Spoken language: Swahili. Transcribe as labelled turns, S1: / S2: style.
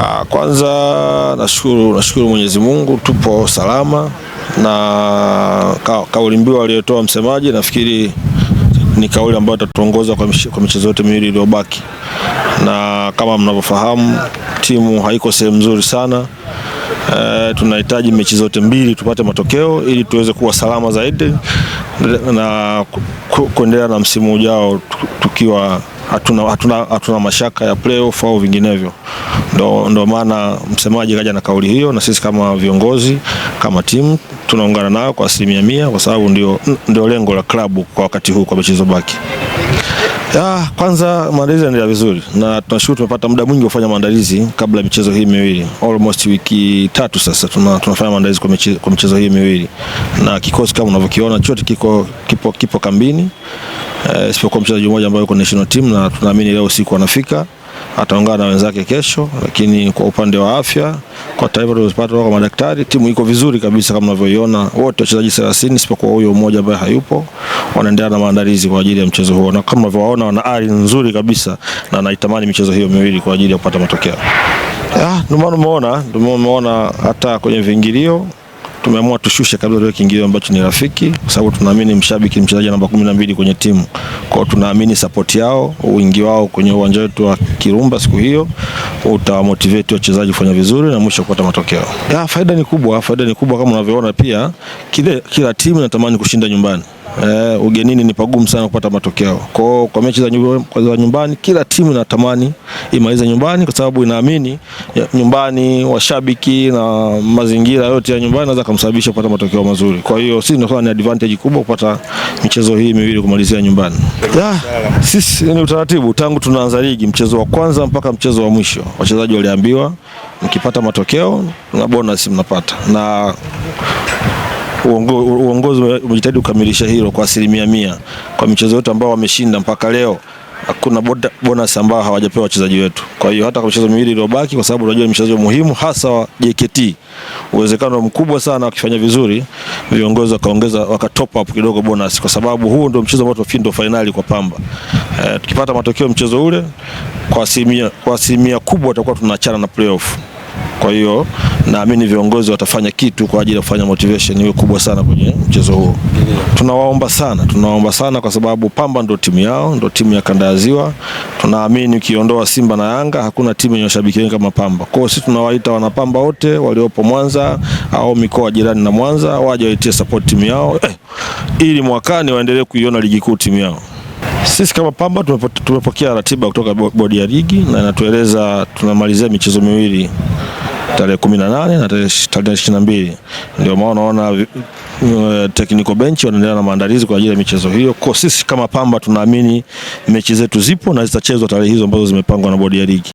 S1: Ah, kwanza nashukuru, nashukuru Mwenyezi Mungu tupo salama, na kauli mbiu aliyotoa msemaji nafikiri ni kauli ambayo itatuongoza kwa michezo yote miwili iliyobaki, na kama mnavyofahamu timu haiko sehemu nzuri sana. E, tunahitaji mechi zote mbili tupate matokeo ili tuweze kuwa salama zaidi na kuendelea na msimu ujao tukiwa hatuna, hatuna, hatuna mashaka ya playoff au vinginevyo. Ndo, ndo maana msemaji kaja na kauli hiyo, na sisi kama viongozi kama timu tunaungana nayo kwa asilimia mia, kwa sababu ndio, ndio lengo la klabu kwa wakati huu kwa mechi zilizobaki. Ah, kwanza maandalizi yanaendelea vizuri na tunashukuru tumepata muda mwingi kufanya maandalizi kabla ya michezo hii miwili. Almost wiki tatu sasa tuna, tunafanya maandalizi kwa michezo, kwa michezo hii miwili na kikosi kama unavyokiona chote kiko, kipo, kipo kambini e, isipokuwa mchezaji mmoja ambaye yuko national team na tunaamini leo usiku anafika ataungana na wenzake kesho, lakini kwa upande wa afya kwa taifa tulizopata kwa madaktari, timu iko vizuri kabisa kama unavyoiona. Wote wachezaji 30 isipokuwa huyo mmoja ambaye hayupo, wanaendelea na maandalizi kwa ajili ya mchezo huo, na kama unavyoona wana ari nzuri kabisa, na naitamani michezo hiyo miwili kwa ajili ya kupata matokeo. Ah, ndio maana umeona, ndio umeona hata kwenye viingilio tumeamua tushushe kabla ile kiingilio ambacho ni rafiki, kwa sababu tunaamini mshabiki mchezaji namba 12 kwenye timu kwao, tunaamini support yao, wingi wao kwenye uwanja wetu wa Kirumba siku hiyo utawamotiveti wachezaji kufanya vizuri na mwisho kupata matokeo. Ya, ah, faida ni kubwa, faida ni kubwa kama unavyoona pia kile, kila timu inatamani kushinda nyumbani eh, ugenini ni pagumu sana kupata matokeo. Kwa kwa mechi za nyumbani, kila timu inatamani imalize nyumbani, kwa sababu inaamini eh, nyumbani, washabiki na mazingira yote ya nyumbani naweza kumsababisha kupata matokeo mazuri. Kwa hiyo sisi tunakuwa ni advantage kubwa kupata michezo hii miwili kumalizia nyumbani. Ya, ah, sisi ni utaratibu tangu tunaanza ligi, mchezo wa kwanza mpaka mchezo wa mwisho wachezaji waliambiwa, mkipata matokeo na bonus mnapata na uongozi umejitahidi kukamilisha hilo kwa asilimia mia kwa michezo yote ambao wameshinda mpaka leo hakuna bonus ambayo hawajapewa wachezaji wetu. Kwa hiyo hata kwa michezo miwili iliyobaki, kwa sababu unajua michezo muhimu hasa wa JKT, uwezekano mkubwa sana wakifanya vizuri viongozi wakaongeza waka top up kidogo bonus, kwa sababu huu ndio mchezo ambao tunafindo finali kwa Pamba. E, tukipata matokeo mchezo ule kwa asilimia kwa asilimia kubwa tutakuwa tunaachana na playoff. Kwa hiyo naamini viongozi watafanya kitu kwa ajili ya kufanya motivation iwe kubwa sana kwenye mchezo huo. Tunawaomba sana, tunawaomba sana kwa sababu Pamba ndio timu yao, ndio timu ya kanda ya Ziwa. Tunaamini ukiondoa Simba na Yanga hakuna timu yenye washabiki wengi kama Pamba. Kwa hiyo sisi tunawaita wanapamba wote waliopo Mwanza au mikoa jirani na Mwanza waje waitie support timu yao eh, ili mwakani waendelee kuiona ligi kuu timu yao. Sisi kama Pamba tumepokea ratiba kutoka bodi ya ligi na inatueleza tunamalizia michezo miwili tarehe kumi na nane na tarehe ishirini na mbili ndio maana unaona eh, technical bench wanaendelea na maandalizi kwa ajili ya michezo hiyo. Kwa sisi kama Pamba tunaamini mechi zetu zipo na zitachezwa tarehe hizo ambazo zimepangwa na bodi ya ligi.